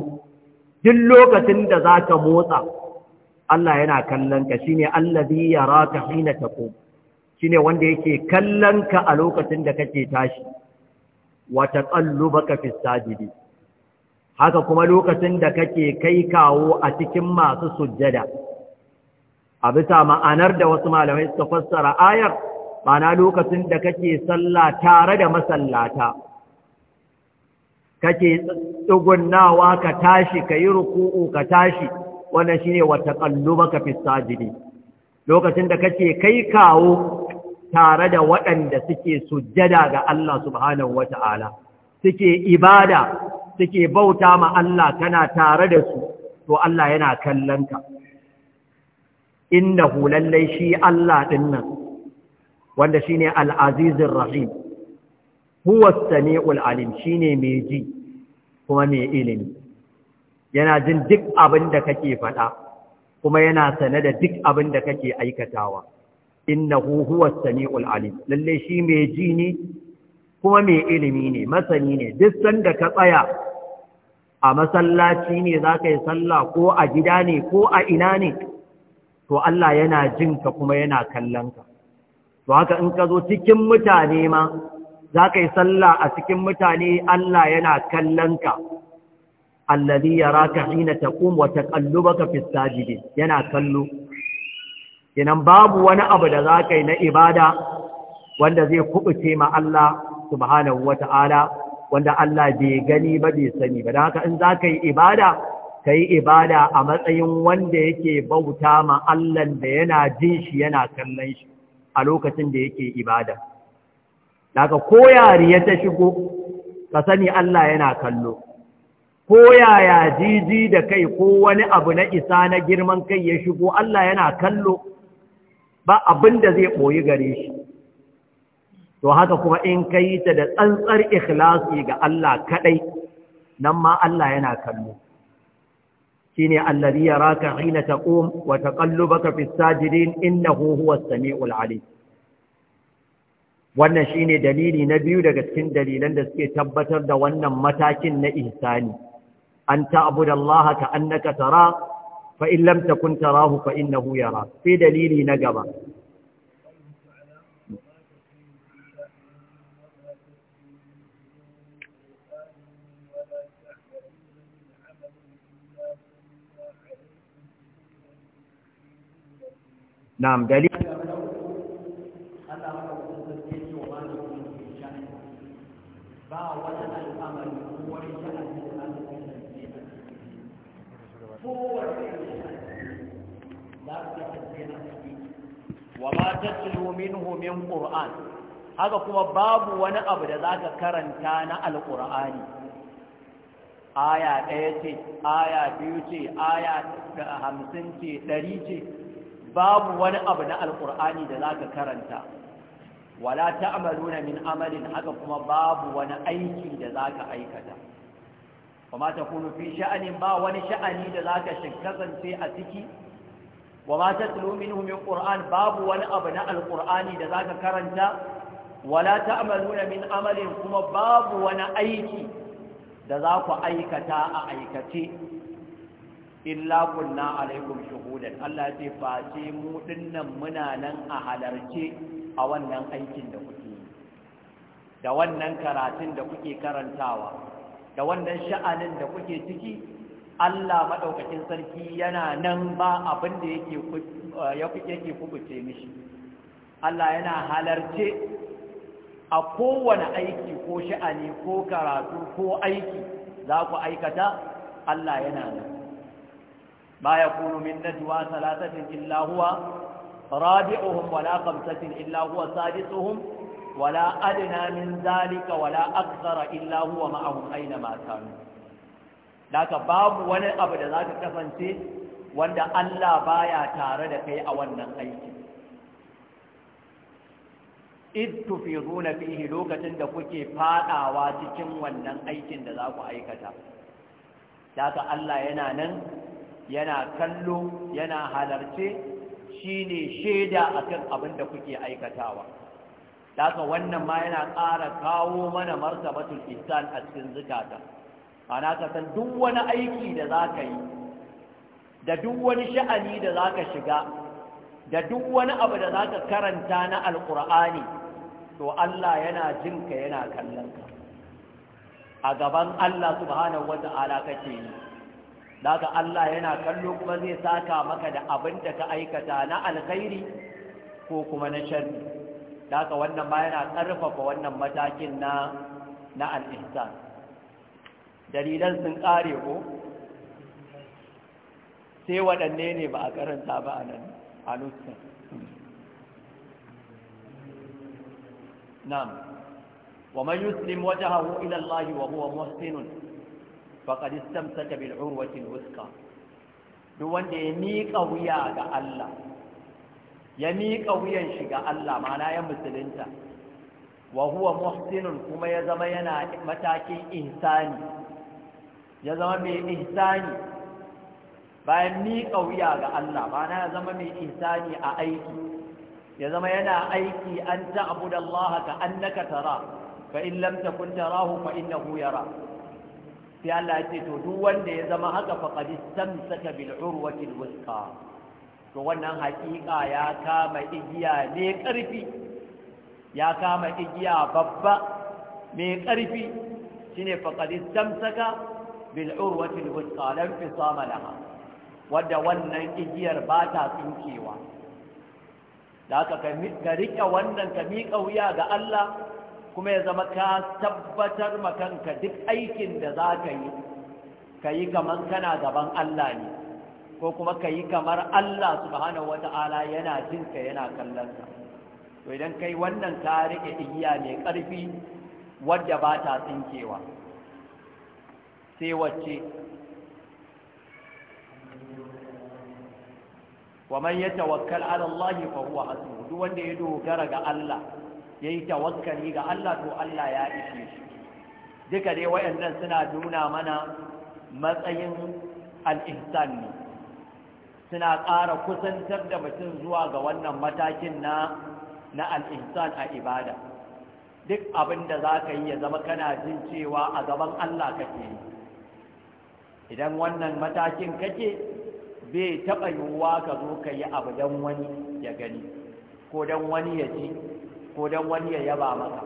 duk lokacin da za ka motsa Allah yana kallon ka shine allazi yaraka hina Shi ne wanda yake kallon ka a lokacin da kake tashi wata wa taqallubaka fis sajidin haka kuma lokacin da kake kai kawo a cikin masu sujjada a bisa ma'anar da wasu malamai suka fassara ayar bana lokacin da kake sallah tare da masallata kake tsugunnawa ka tashi ka yi ruku'u ka tashi wannan shine wata kallubaka fi sajidi lokacin da kake kai kawo tare da waɗanda suke sujjada ga Allah subhanahu wata'ala suke ibada suke bauta ma Allah kana tare da su to Allah yana kallon ka innahu lallai shi Allah ɗinnan, nan wanda shi ne Al'azizin rahim huwa as-sami'ul shi ne mai ji kuma mai ilimi yana jin duk abin da kake faɗa kuma yana sane da duk abin da kake aikatawa innahu huwa as-sami'ul alim Lallai shi mai ji ne kuma mai ilimi ne masani ne duk sanda ka tsaya a masallaci ne za ka yi sallah ko a gida ne ko a ina ne to Allah yana jin ka kuma yana kallon ka to haka in ka zo cikin mutane ma za ka yi sallah a cikin mutane Allah yana kallon ka allazi yaraka hina taqum wa taqallubaka fi sajidi yana kallo kenan babu wani abu da za ka yi na ibada wanda zai kubuce ma Allah subhanahu wa ta'ala wanda Allah bai gani ba bai sani ba don haka in za ka yi ibada ka yi ibada a matsayin wanda yake bauta ma Allah da yana jin shi yana kallon shi a lokacin da yake ibada daga ko yariya ta shigo ka sani Allah yana kallo ko yaya jiji da kai ko wani abu na isa na girman kai ya shigo Allah yana kallo ba abin da zai boye gare shi to haka kuma in ka yi ta da tsantsar ikhlasi ga Allah kaɗai, nan ma Allah yana kallo shine allazi yaraka hina taqum wa taqallubaka fis sajidin innahu huhuwar samiul alim wannan shine dalili na biyu daga cikin dalilan da suke tabbatar da wannan matakin na ihsani an ta'budallaha ka annaka tara fa in lam takun tarahu fa innahu yara sai dalili na gaba na'am dalil ba wata al'amari ko wani sha'ani da za su wama tatlu minhu min haka kuma babu wani abu da zaka karanta na alqur'ani aya ɗaya ce aya biyu ce da hamsin ce ɗari ce babu wani abu na Alƙur'ani da za ka karanta wala ta'maluna min amalin haka kuma babu wani aiki da za ka aikata kuma ta kunu fi sha'anin ba wani sha'ani da za ka kasance a ciki wa ma tatlu minhu min qur'an babu wani abu na alkur'ani da za ka karanta wala ta'maluna min amalin kuma babu wani aiki da za ku aikata a aikace illa kunna alaikum shuhudan Allah ce face mu dinnan muna nan a halarce a wannan aikin da kuke da wannan karatun da kuke karantawa da wannan sha'anin da kuke ciki Allah madaukakin sarki yana nan ba abin da yake yake kubuce mishi Allah yana halarce a kowane aiki ko sha'ani ko karatu ko aiki za ku aikata Allah yana nan ما يكون من نجوى ثلاثة إلا هو رابعهم ولا خمسة إلا هو سادسهم ولا أدنى من ذلك ولا أكثر إلا هو معهم أينما كانوا لك باب ولا أبدا ذاك كفنسي ولا ألا بايا تاردك أولا أيكي إذ تفيضون فيه لوكة دفكي فاتا واتكم ونن أيكي ذاك أيكتا لك ألا ينانن yana kallo yana halarce shine shaida akan abin da kuke aikatawa ka wannan ma yana ƙara kawo mana martabatul ihsan a cikin zukata ana ka san duk wani aiki da zaka yi da duk wani sha'ani da zaka shiga da duk wani abu da zaka karanta na alqur'ani to Allah yana jin ka yana kallon ka a gaban Allah subhanahu wata'ala kake yi daga Allah yana kallo kuma zai saka maka da abin da ka aikata na alkhairi ko kuma na sharri daga wannan ba yana ƙarfafa wannan matakin na na al'ihsan dalilan sun ƙare ko sai waɗanne ne ba a karanta ba a nan a nutsin na'am wa man yuslim ila Allah wa huwa muhsinun faqad istamsaka bil urwati al duk wanda ya miƙa wuya ga Allah ya miƙa wuyan shi ga Allah ma'ana ya musulunta wa huwa muhsinun kuma ya zama yana matakin ihsani ya zama mai ihsani bayan miƙa wuya ga Allah ma'ana ya zama mai ihsani a aiki ya zama yana aiki an ta'budallaha ka annaka tara fa in lam takun tarahu fa innahu yara sai Allah ya ce to duk wanda ya zama haka faqad istamsaka bil urwati al wuthqa to wannan haƙiƙa ya kama igiya ne ƙarfi ya kama igiya babba me ƙarfi shine faqad istamsaka bil urwati al wuthqa lan fisama laha wadda wannan igiyar ba ta tsinkewa da aka ka riƙe wannan ka miƙa wuya ga Allah kuma ya zama ka tabbatar makanka duk aikin da za ka yi ka yi kamar kana gaban Allah ne ko kuma ka yi kamar Allah subhanahu wata'ala yana jinka yana kallonka to idan kai wannan ka rike igiya mai ƙarfi wadda ba ta tsinkewa sai wacce wa man yatawakkal ala Allah fa huwa hasbuh duk wanda ya dogara ga Allah ya yi tawakkali ga Allah to Allah ya ishe shi duka dai wayannan suna nuna mana matsayin al-ihsan ne suna ƙara kusantar da mutum zuwa ga wannan matakin na na al a ibada duk abin da za ka yi ya zama kana jin cewa a gaban Allah kake idan wannan matakin kake bai taɓa yiwuwa ka zo ka yi abu don wani ya gani ko don wani ya ji ko don wani ya yaba maka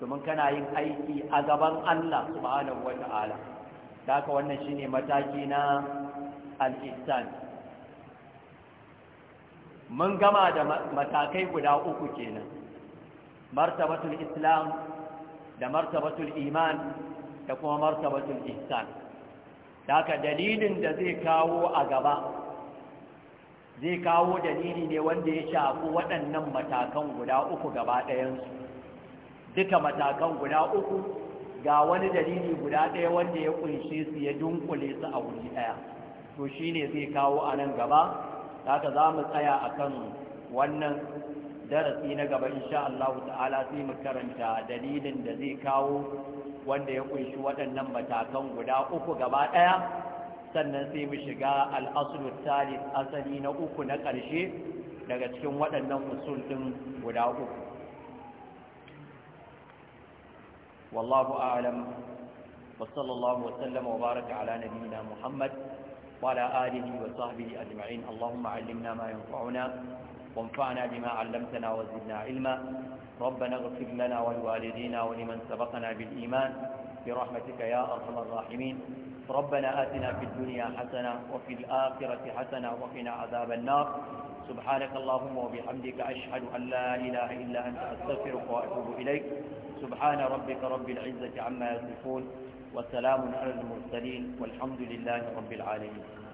domin kana yin aiki a gaban Allah subhanahu wa ta'ala haka wannan shine mataki na al-ihsan mun gama da matakai guda uku kenan martabatul islam da martabatul iman da kuma martabatul ihsan haka dalilin da zai kawo a gaba zai kawo dalili ne wanda ya shafi waɗannan matakan guda uku gaba ɗayansu duka matakan guda uku ga wani dalili guda ɗaya wanda ya ƙunshe su ya dunkule su a wuri ɗaya to shi ne zai kawo a nan gaba haka za mu tsaya a kan wannan darasi na gaba insha Allah ta'ala sai mu karanta dalilin da zai kawo wanda ya ƙunshi waɗannan matakan guda uku gaba ɗaya sannan sai mu shiga al'asulu talis asali na uku na ƙarshe daga cikin waɗannan usul ɗin guda uku wallahu a'lam wa sallallahu wa sallama wa baraka ala nabiyyina muhammad wa ala alihi wa sahbihi ajma'in allahumma 'allimna ma yanfa'una وانفعنا بما علمتنا وزدنا علما ربنا اغفر لنا ولوالدينا ولمن سبقنا بالإيمان برحمتك يا أرحم الراحمين ربنا آتنا في الدنيا حسنة وفي الآخرة حسنة وقنا عذاب النار سبحانك اللهم وبحمدك أشهد أن لا إله إلا أنت أستغفرك وأتوب إليك سبحان ربك رب العزة عما يصفون وسلام على المرسلين والحمد لله رب العالمين